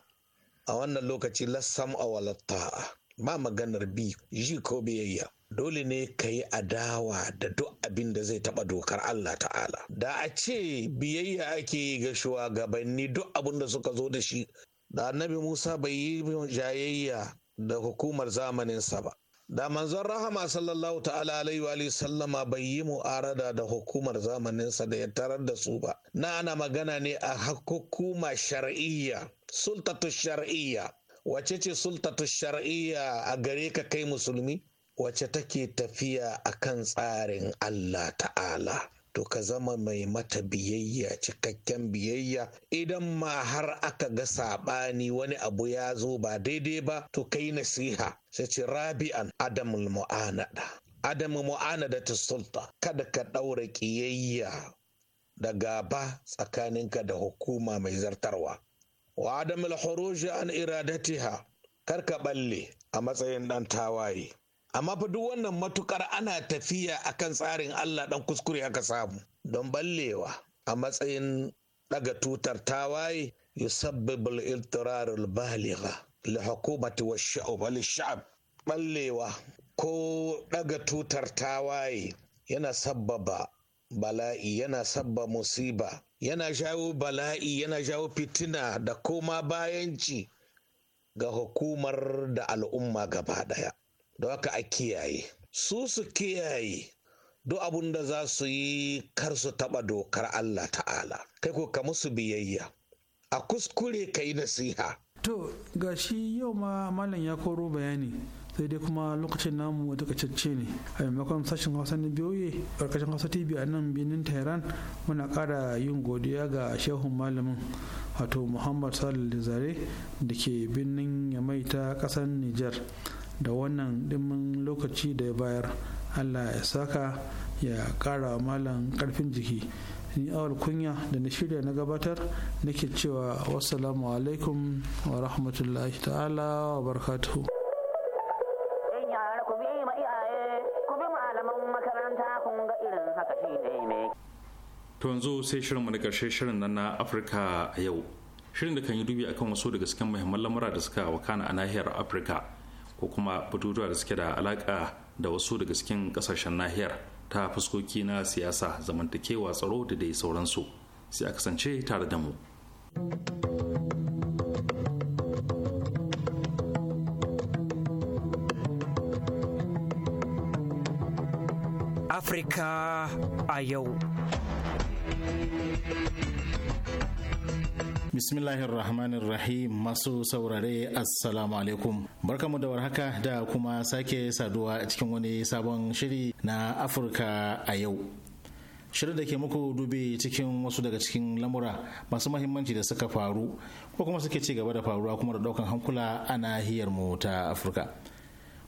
a wannan lokaci lassam a walatta'a ba maganar bi ji ko biyayya dole ne ka yi adawa da duk abin da zai taba dokar Allah ta'ala da a ce biyayya ake yi ga shugabanni duk abin da suka zo da shi da annabi Musa bai yi jayayya da hukumar zamaninsa ba da manzon rahama sallallahu ta'ala alaihi wa sallama bai yi mu'arada da hukumar zamaninsa da ya tarar da su ba na ana magana ne a hukuma shar'iyya sultatu shar'iyya wace ce sultatu shar'iyya a gare ka kai musulmi wace take tafiya a kan tsarin Allah ta'ala to ka zama mai mata biyayya cikakken biyayya idan ma har aka ga saɓani wani abu ya zo ba daidai ba to kai nasiha sai ce rabi'an adamul mu'anada adamu mu'anada ta sulta kada ka ɗaura ƙiyayya da gaba tsakaninka da hukuma mai zartarwa wa adam al-khuruj an iradatiha kar ka balle a matsayin dan tawaye amma fa duk wannan matukar ana tafiya akan tsarin Allah dan kuskure aka samu don ballewa a matsayin daga tutar tawaye yusabbibu al-ittirar al-baligha li hukumati wa sha'ub sha'b ballewa ko daga tutar tawaye yana sabbaba bala'i yana sabba musiba yana jawo bala'i yana jawo fitina da koma bayanci ga hukumar da al'umma gaba ɗaya da waka a kiyaye su su kiyaye duk abun da za su yi kar su taɓa dokar Allah ta'ala kai ko ka musu biyayya a kuskure ka yi nasiha
to ga shi yau ma malam ya koro bayani sai dai kuma lokacin namu takaitacce ne a maimakon sashen hausa na biyoye karkashin hausa tv a nan birnin tehran muna kara yin godiya ga shehun malamin wato muhammad da zare da ke birnin yamai ta kasar niger da wannan dimin lokaci da ya bayar allah ya saka ya kara malam karfin jiki ni awal kunya da na shirya na gabatar nake cewa wassalamu alaikum wa rahmatullahi ta'ala wa barkatu.
to yanzu sai shirin na karshe shirin nan na afirka a yau shirin da kan yi dubi akan wasu daga cikin muhimman lamura da suka wakana a nahiyar afirka ko kuma batutuwa da suke da alaka da wasu daga cikin kasashen nahiyar ta fuskoki na siyasa zamantakewa tsaro da dai sauransu sai a kasance tare da mu
Afirka a yau.
Bismillahirrahmanirrahim masu saurare assalamu alaikum barkamu da warhaka da kuma sake saduwa cikin wani sabon shiri na Afirka a yau. Shirin da ke muku dubi cikin wasu daga cikin lamura masu mahimmanci da suka faru ko kuma suke ci gaba da faruwa kuma da daukan hankula a nahiyar mu ta Afirka.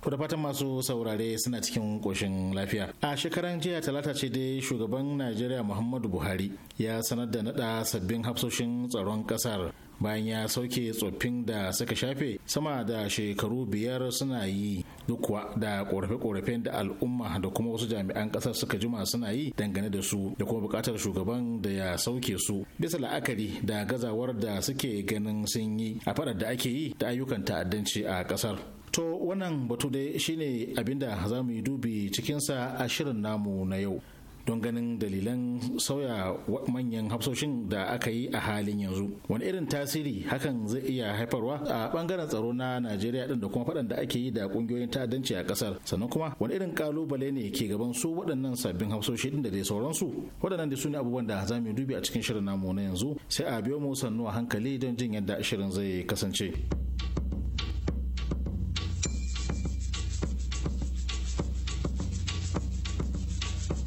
Ku fatan masu saurare suna cikin ƙoshin lafiya. A shekaran jiya talata ce dai shugaban Najeriya Muhammadu Buhari ya sanar da naɗa sabbin hafsoshin tsaron ƙasar bayan ya sauke tsoffin da suka shafe sama da shekaru biyar suna yi duk da korafe-korafen da al'umma da kuma wasu jami'an kasar suka jima suna yi dangane da su da kuma bukatar shugaban da ya sauke su bisa la'akari da gazawar da suke ganin sun yi a fadar da ake yi da ayyukan ta'addanci a kasar To wannan batu dai shine abinda za mu yi dubi cikinsa a shirin namu na yau. don ganin dalilan sauya manyan hafsoshin da aka yi a halin yanzu wani irin tasiri hakan zai iya haifarwa a bangaren tsaro na najeriya din da kuma faɗan da ake yi da ƙungiyoyin ta'addanci a kasar sannan kuma wani irin kalubale ne ke gaban su waɗannan sabbin hafsoshi din da dai sauransu waɗannan da su ne abubuwan da za mu dubi a cikin shirin namu na yanzu sai a biyo mu sannu a hankali don jin yadda shirin zai kasance.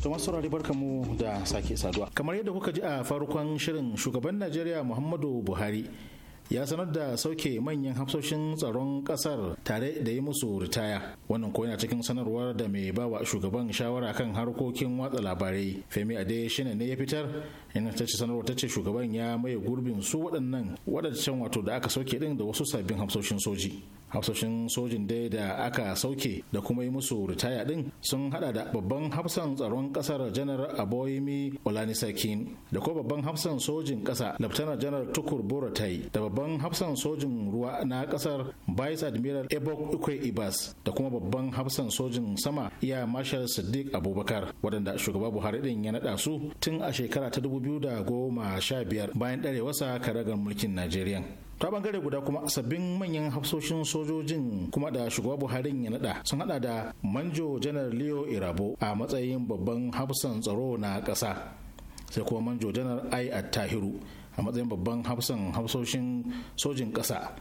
To masu saurari barkamu da sake saduwa. Kamar yadda kuka ji a farkon shirin shugaban Najeriya Muhammadu Buhari ya sanar da sauke manyan hafsoshin tsaron kasar tare da yi musu ritaya wannan ko yana cikin sanarwar da mai bawa shugaban shawara kan harkokin watsa labarai femi shine ne ya fitar inda ta ce sanarwar ta ce shugaban ya maye gurbin su waɗannan waɗancan wato da aka sauke ɗin da wasu sabbin hafsoshin soji hafsoshin sojin dai da aka sauke da kuma yi musu ritaya ɗin sun hada da babban hafsan tsaron kasar janar aboyimi olanisakin da kuma babban hafsan sojin kasa laftana janar tukur boratai da babban hafsan sojin ruwa na kasar vice admiral ebok ikwe ibas da kuma babban hafsan sojin sama iya marshal sadiq abubakar waɗanda shugaba buhari din ya naɗa su tun a shekara ta dubu 2015 bayan dare ka karagar mulkin Najeriya. ta bangare guda kuma sabbin manyan hafsoshin sojojin kuma da shugaba buharin ya nada sun hada da manjo janar leo irabo a matsayin babban hafsan tsaro na ƙasa sai kuma manjo janar ai tahiru a matsayin babban hafsan hafsoshin sojin ƙasa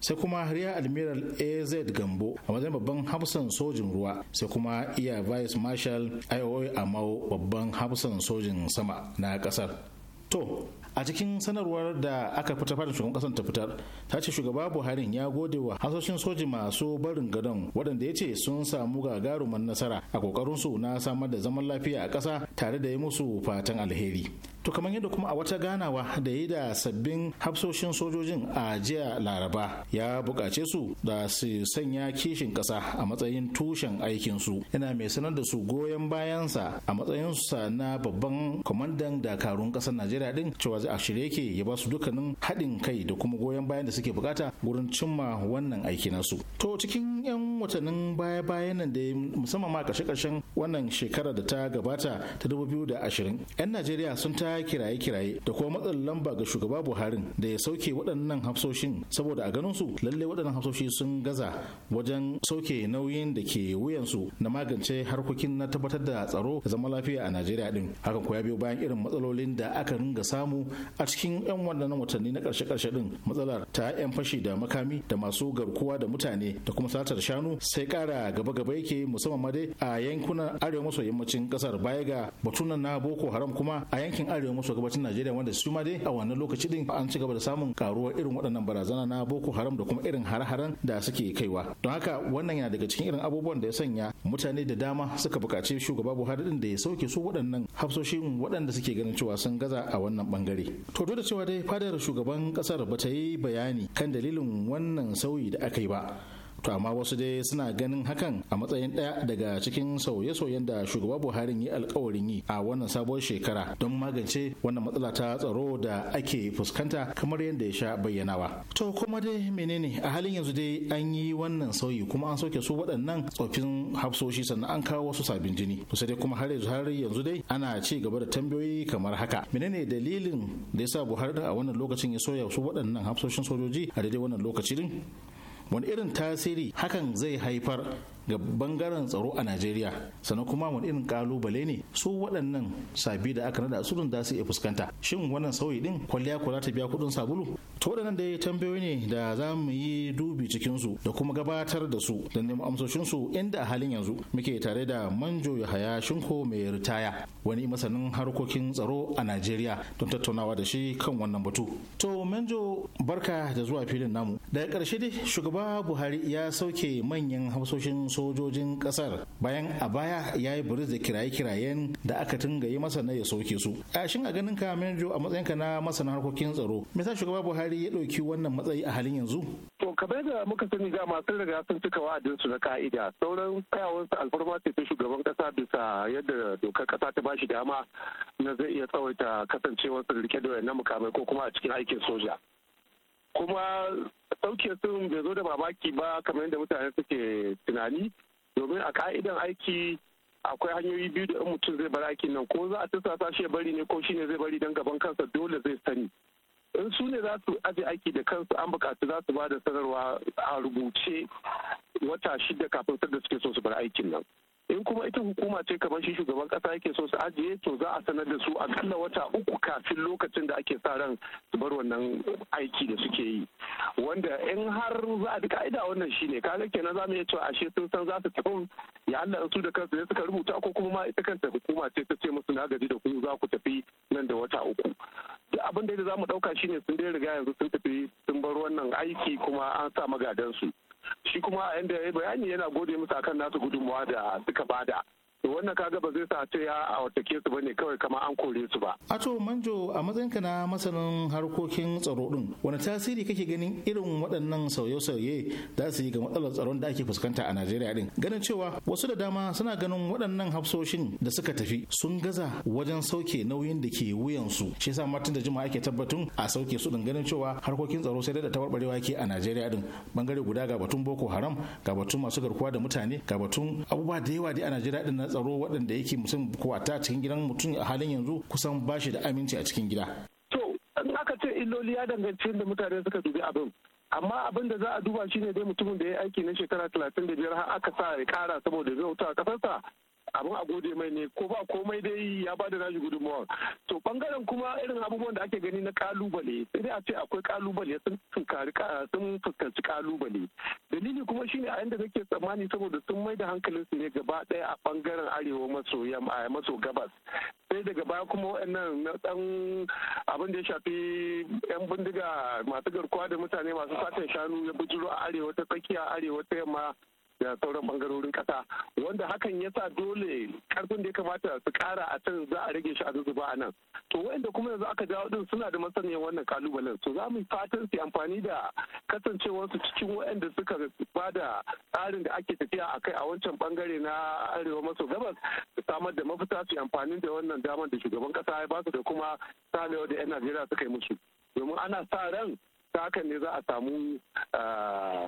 sai kuma harya Admiral AZ Gambo a matsayin babban hafsan sojin ruwa sai kuma iya Vice Marshal IOI Amau babban hafsan sojin sama na kasar. To, a cikin sanarwar da aka fitar fadin shugaban kasar ta fitar ta ce shugaba buhari ya gode wa hasoshin soji masu barin gadon waɗanda ya ce sun samu gagaruman nasara a kokarin na samar da zaman lafiya a ƙasa tare da yi musu fatan alheri To kamar yadda kuma a wata ganawa da yi da sabbin hafsoshin sojojin a jiya Laraba ya buƙace su da su sanya kishin ƙasa a matsayin tushen aikinsu yana mai sanar da su goyon bayansa a matsayinsa na babban kwamandan dakarun ƙasar Najeriya din cewa a shirye ke ya ba su dukkanin haɗin kai da kuma goyon bayan da suke buƙata wurin cimma wannan aiki nasu. To cikin 'yan watannin baya-bayan nan da musamman ma ƙarshe-ƙarshen wannan shekarar da ta gabata ta da 2020 'yan Najeriya sun ta kiraye-kiraye da kuma matsalar lamba ga shugaba buhari da ya sauke waɗannan hafsoshin saboda a ganin su lalle waɗannan hafsoshi sun gaza wajen sauke nauyin da ke wuyansu na magance harkokin na tabbatar da tsaro da zama lafiya a najeriya din hakan ko ya biyo bayan irin matsalolin da aka ringa samu a cikin yan waɗannan watanni na karshe-karshe din matsalar ta yan fashi da makami da masu garkuwa da mutane da kuma satar shanu sai kara gaba-gaba yake musamman ma dai a yankunan arewa maso yammacin kasar baya ga batunan na boko haram kuma a yankin arewa maso gabacin najeriya wanda su ma dai a wannan lokaci din an ci gaba da samun karuwar irin waɗannan barazana na boko haram da kuma irin hare-haren da suke kaiwa don haka wannan yana daga cikin irin abubuwan da ya sanya mutane da dama suka buƙaci shugaba buhari din da ya sauke su waɗannan hafsoshin waɗanda suke ganin cewa sun gaza a wannan bangare to duk da cewa dai fadar shugaban ƙasar ba ta yi bayani kan dalilin wannan sauyi da aka yi ba to amma wasu dai suna ganin hakan a matsayin ɗaya daga cikin sauye-sauyen da shugaba buhari yi alkawarin yi a wannan sabuwar shekara don magance wannan matsala ta tsaro da ake fuskanta kamar yadda ya sha bayyanawa to kuma dai menene a halin yanzu dai an yi wannan sauyi kuma an soke su waɗannan tsofin hafsoshi sannan an kawo wasu sabin jini to sai dai kuma har yanzu har yanzu dai ana ci gaba da tambayoyi kamar haka menene dalilin da ya sa buhari a wannan lokacin ya soya su waɗannan hafsoshin sojoji a daidai wannan lokaci din wani irin tasiri hakan zai haifar ga bangaren tsaro a najeriya sannan kuma wani irin kalubale ne su waɗannan sabi da aka nada su da su iya fuskanta shin wannan sauyi din kwalliya ko za ta biya kuɗin sabulu to waɗannan da tambayoyi ne da za mu yi dubi cikin su da kuma gabatar da su da neman amsoshin su inda a halin yanzu muke tare da manjo yahaya shinko mai ritaya wani masanin harkokin tsaro a najeriya don tattaunawa da shi kan wannan batu to manjo barka da zuwa filin namu daga ƙarshe dai shugaba buhari ya sauke manyan hafsoshin sojojin kasar bayan a baya ya yi biris da kiraye-kirayen da aka tunga yi masa na ya soke su a shin a ganin ka manajo a matsayinka na masana harkokin tsaro me sa shugaba buhari ya ɗauki wannan matsayi a halin yanzu
to kamar da muka sani ga masu riga sun cika wa'adin su na ka'ida sauran tsayawar su alfarma ce ta shugaban kasa bisa yadda dokar kasa ta bashi dama na zai iya tsawaita kasancewar su rike da wayannan mukamai ko kuma a cikin aikin soja kuma sauke sun bai zo da mamaki ba kamar yadda mutane suke tunani domin a ka'idan aiki akwai hanyoyi biyu da mutum zai bar aikin nan ko za a sa shi bari ne ko shi ne zai bari don gaban kansa dole zai sani in su ne za su aje aiki da kansu an bukatu za su ba da sanarwa a rubuce wata shida kafin sadda suke so su bar aikin nan in kuma ita hukuma ce kamar shi shugaban kasa yake so su ajiye to za a sanar da su akalla wata uku kafin lokacin da ake sa ran su bar wannan aiki da suke yi wanda in har za a ka'ida wannan shine kaga kenan za mu iya cewa ashe sun san za su tafi ya Allah su da kansu ne suka rubuta ko kuma ma ita kanta hukuma ce ta ce musu na gaji da ku za ku tafi nan da wata uku duk abin da za mu dauka shine sun dai riga yanzu sun tafi sun bar wannan aiki kuma an sa magadansu. su shi kuma inda ya bayani yana gode musu akan nasu gudunmawa da suka bada wannan kaga ba zai sa ce ya a watake su bane kawai kama an kore su ba ato
manjo a matsayinka na masanin harkokin tsaro din wani tasiri kake ganin irin waɗannan sauye-sauye za su yi ga matsalar tsaron da ake fuskanta a Najeriya din ganin cewa wasu da dama suna ganin waɗannan hafsoshin da suka tafi sun gaza wajen sauke nauyin da ke wuyansu shi yasa martin da jima'a ake tabbatun a sauke su din ganin cewa harkokin tsaro sai da tabarbarewa ke a Najeriya din bangare guda ga batun Boko Haram ga batun masu garkuwa da mutane ga batun abubuwa da yawa a Najeriya din tsaro waɗanda yake musamman kwata cikin gidan mutum a halin yanzu kusan ba shi da aminci a cikin gida. To,
in aka ce illoli ya danganci da mutane suka dubi abin. amma abin da za a duba shine dai mutumin da ya aiki na shekara talatin da biyar har aka sa ya kara saboda zai wuta a kasarsa abin a gode mai ne ko ba komai dai ya bada shi gudunmawa to bangaren kuma irin abubuwan da ake gani na kalubale sai dai a ce akwai kalubale sun sun fuskanci kalubale dalili kuma shine a yanda nake tsammani saboda sun mai da hankalin su ne gaba daya a bangaren arewa maso yamma maso gabas sai daga baya kuma waɗannan na dan abin da ya shafi yan bindiga masu garkuwa da mutane masu fatan shanu ya bujuru a arewa ta tsakiya arewa ta yamma da sauran bangarorin kasa wanda hakan ya sa dole karfin da ya kamata su kara a can za a rage shi a zuzuba a nan to wanda kuma yanzu aka jawo din suna da masaniya wannan kalubalen to za mu fatan su amfani da kasancewarsu cikin wanda suka ba da tsarin da ake tafiya a kai a wancan bangare na arewa maso gabas su samar da mafita su amfani da wannan damar da shugaban kasa ya basu da kuma samewa da 'yan najeriya suka yi musu domin ana sa ran ta hakan ne za a samu ah,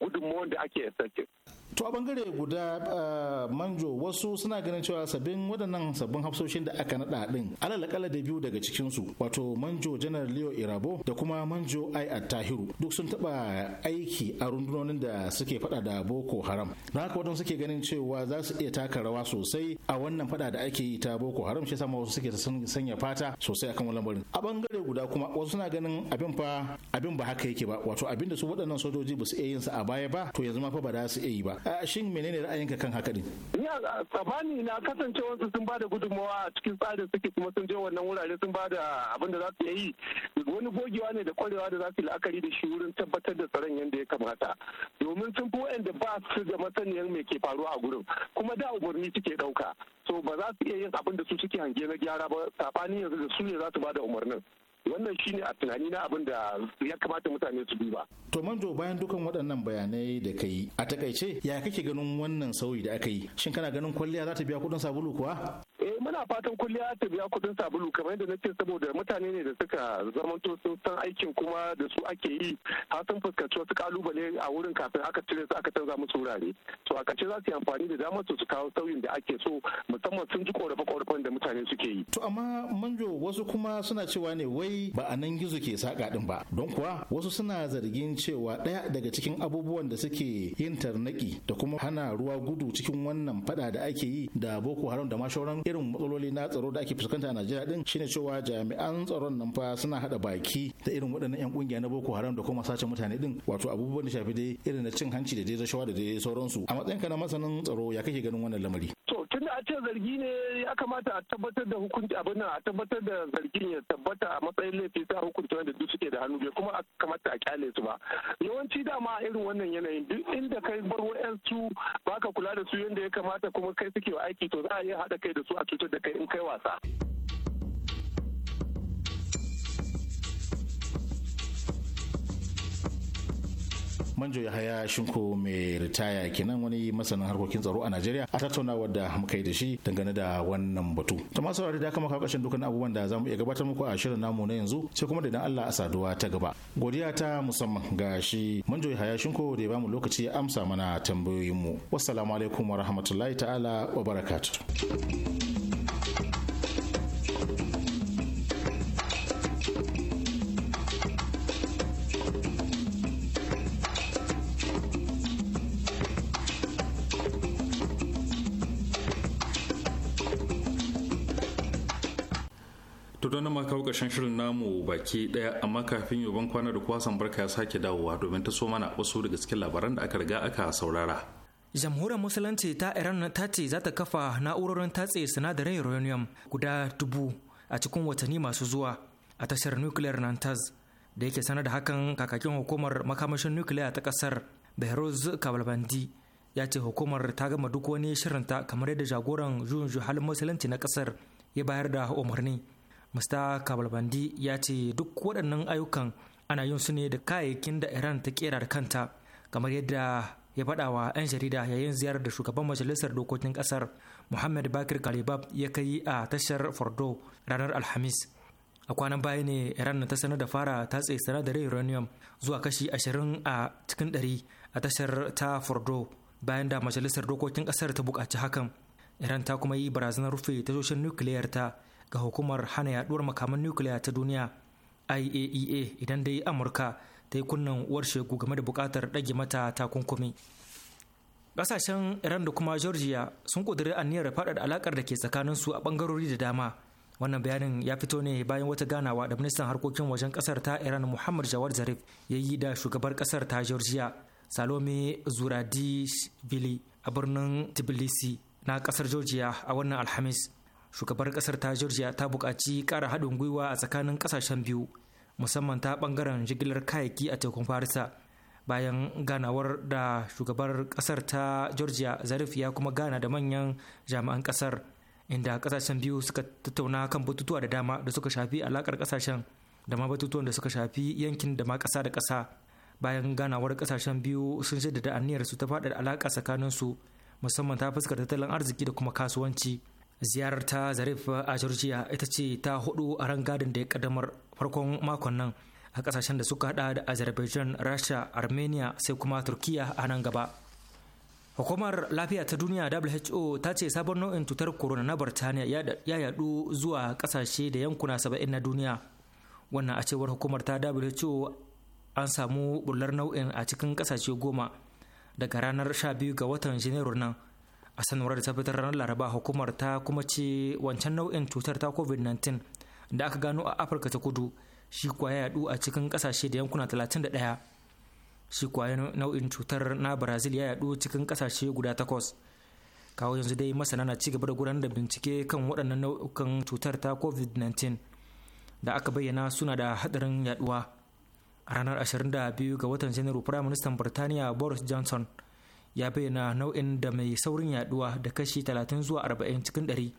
gudunmuwan da ake effective
to a bangare guda eh, manjo wasu suna ganin cewa sabbin waɗannan sabbin hafsoshin da aka naɗa ɗin alalakala da biyu daga cikinsu wato manjo janar leo irabo da kuma manjo ai attahiru duk sun taɓa aiki a rundunonin da suke faɗa da boko haram don haka waɗansu suke ganin cewa za su iya taka rawa sosai a wannan faɗa da ake yi ta boko haram shi sama wasu suke sanya fata sosai akan lambarin. a bangare guda kuma wasu suna ganin abin fa abin ba haka yake ba wato abin da su waɗannan sojoji ba su iya yin sa a baya ba to yanzu ma fa ba za su iya yi ba shin menene ra'ayinka kan haka ne
ina na kasance wasu sun bada da gudunmawa a cikin tsarin suke kuma sun je wannan wurare sun bada da abin da za su yi wani gogewa ne da kwarewa da za su la'akari da shi wurin tabbatar da tsaron yadda ya kamata domin sun fi wa'anda ba su da masaniyar mai ke faruwa a gurin kuma da umarni suke dauka so ba za su iya yin abin da su suke hange na gyara ba tsamani yanzu da su ne za su bada umarnin wannan shine a tunani na abin da ya kamata mutane su duba to
manjo bayan dukan waɗannan bayanai da kai a takaice ya kake ganin wannan sauyi da aka yi shin kana ganin kwalliya za ta biya kuɗin sabulu kuwa
eh muna fatan kwalliya ta biya kuɗin sabulu kamar yadda nake saboda mutane ne da suka zamanto sun san aikin kuma da su ake yi har sun fuskanci wasu kalubale a wurin kafin aka cire su aka canza musu wurare to a ƙarshe za su yi amfani da damar su su kawo sauyin da ake so musamman sun ji korafe-korafen da mutane suke yi to amma manjo wasu
kuma suna cewa ne wai dai ba a nan gizo ke saka ɗin ba don kuwa wasu suna zargin cewa daya daga cikin abubuwan da suke yin tarnaki da kuma hana ruwa gudu cikin wannan fada da ake yi da boko haram da ma irin matsaloli na tsaro da ake fuskanta a najeriya din shine cewa jami'an tsaron nan fa suna hada baki da irin waɗannan yan kungiya na boko haram da kuma sace mutane din wato abubuwan da shafi dai irin na cin hanci da dai rashawa da dai sauransu a matsayinka na masanin tsaro ya kake ganin wannan lamari
ce zargi ne ya kamata a tabbatar da hukunci abin a tabbatar da zargin ya tabbata a matsayin laifi sa hukunta wanda duk suke da hannu bai kuma a kamata a kyale su ba yawanci dama irin wannan yanayin duk inda kai bar ba baka kula da su yadda ya kamata kuma kai suke aiki to za a iya haɗa kai da su a cutar da kai in kai wasa.
manjo ya haya shinko mai ritaya kenan wani masanin harkokin tsaro a najeriya a tattaunawa da muka yi da shi dangane da wannan batu ta masu saurari da aka maka kashin dukkan abubuwan da zamu iya gabatar muku a shirin namu na yanzu sai kuma da idan allah a saduwa ta gaba godiya ta musamman ga shi manjo ya haya shinko da ya bamu lokaci ya amsa mana tambayoyinmu wassalamu alaikum wa rahmatullahi ta'ala wa barakatuh
don nama kawo ƙarshen shirin namu baki ɗaya amma kafin yoban kwana da kwasan barka ya sake dawowa domin ta so mana wasu daga cikin labaran da aka riga aka saurara.
Jamhuriyar Musulunci ta Iran ta ce za ta kafa na'urorin tatse sinadarin uranium guda dubu a cikin watanni masu zuwa a tashar nukiliyar Nantas da yake sanar da hakan kakakin hukumar makamashin nukiliya ta kasar Behrouz Kabalbandi ya ce hukumar ta gama duk wani shirinta kamar yadda jagoran juyin halin musulunci na kasar ya bayar da umarni mr kabalbandi ya ce duk waɗannan ayyukan ana yin su ne da kayayyakin da iran ta kera da kanta kamar yadda ya faɗa wa 'yan jarida yayin ziyarar da shugaban majalisar dokokin ƙasar muhammad bakir kalibab ya kai a tashar fordo ranar alhamis a kwanan baya ne iran ta sanar da fara tatse sinadarin uranium zuwa kashi 20 a cikin ɗari a tashar ta fordo bayan da majalisar dokokin ƙasar ta buƙaci hakan iran ta kuma yi barazanar rufe tashoshin nukiliyar ta ga hukumar hana yaduwar makaman nukiliya ta duniya iaea e idan dai amurka ta yi kunnen uwar game da bukatar ɗage mata takunkumi ƙasashen iran da kuma georgia sun ƙudiri aniyar faɗaɗa alaƙar da ke tsakanin su a ɓangarori da dama wannan bayanin ya fito ne bayan wata ganawa da ministan harkokin wajen ƙasar ta iran muhammad jawar zarif ya yi da shugabar ƙasar ta georgia salome zuradishvili a birnin tbilisi na ƙasar georgia a wannan alhamis shugabar kasar ta georgia ta buƙaci ƙara haɗin gwiwa a tsakanin ƙasashen biyu musamman ta ɓangaren jigilar kayayyaki a tekun farisa bayan ganawar da shugabar kasar ta georgia zarif ya kuma gana da manyan jami'an ƙasar inda ƙasashen biyu suka tattauna kan batutuwa da dama da suka shafi alakar ƙasashen da ma batutuwan da suka shafi yankin da ma ƙasa da ƙasa bayan ganawar ƙasashen biyu sun shaida da aniyar su ta faɗaɗa alaƙa tsakanin su musamman ta fuskar tattalin arziki da kuma kasuwanci ziyarar ta zarif a georgia ita ce ta hudu a rangadin da ya kaddamar farkon makon nan a kasashen da suka hada da azerbaijan rasha armenia sai kuma turkiya a nan gaba hukumar lafiya ta duniya who ta ce sabon nau'in cutar corona na birtaniya ya yadu zuwa kasashe da yankuna saba'in na duniya wannan a cewar hukumar ta who an samu bular nau'in a cikin kasashe goma daga ranar 12 ga watan janairu nan a sanarwar da ta fitar ranar laraba hukumar ta kuma ce wancan nau'in cutar ta covid-19 da aka gano a afirka ta kudu shi kuwa ya yadu a cikin kasashe da yankuna 31 shi kuwa nau'in cutar na brazil ya yadu cikin kasashe guda takwas kawo yanzu dai masana na cigaba da gudanar da bincike kan waɗannan nau'ukan cutar ta covid-19 da aka bayyana suna da hadarin yaduwa a ranar 22 ga watan janairu ministan birtaniya boris johnson ya bayyana nau'in da mai saurin yaduwa da kashi 30 zuwa 40 cikin 100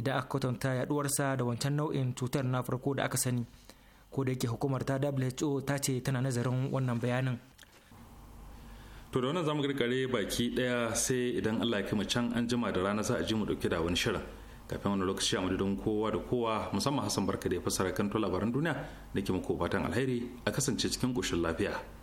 idan aka kwatanta yaduwarsa da wancan nau'in cutar na farko da aka sani ko da yake hukumar ta WHO ta ce tana nazarin wannan bayanin
to da wannan zamu kirkare baki daya sai idan Allah ya kima can an jima da rana za a ji mu dauke da wani shirin kafin wani lokaci a madadin kowa da kowa musamman Hassan Barka da ya fassara kan labaran duniya da ke muku fatan alheri a kasance cikin koshin lafiya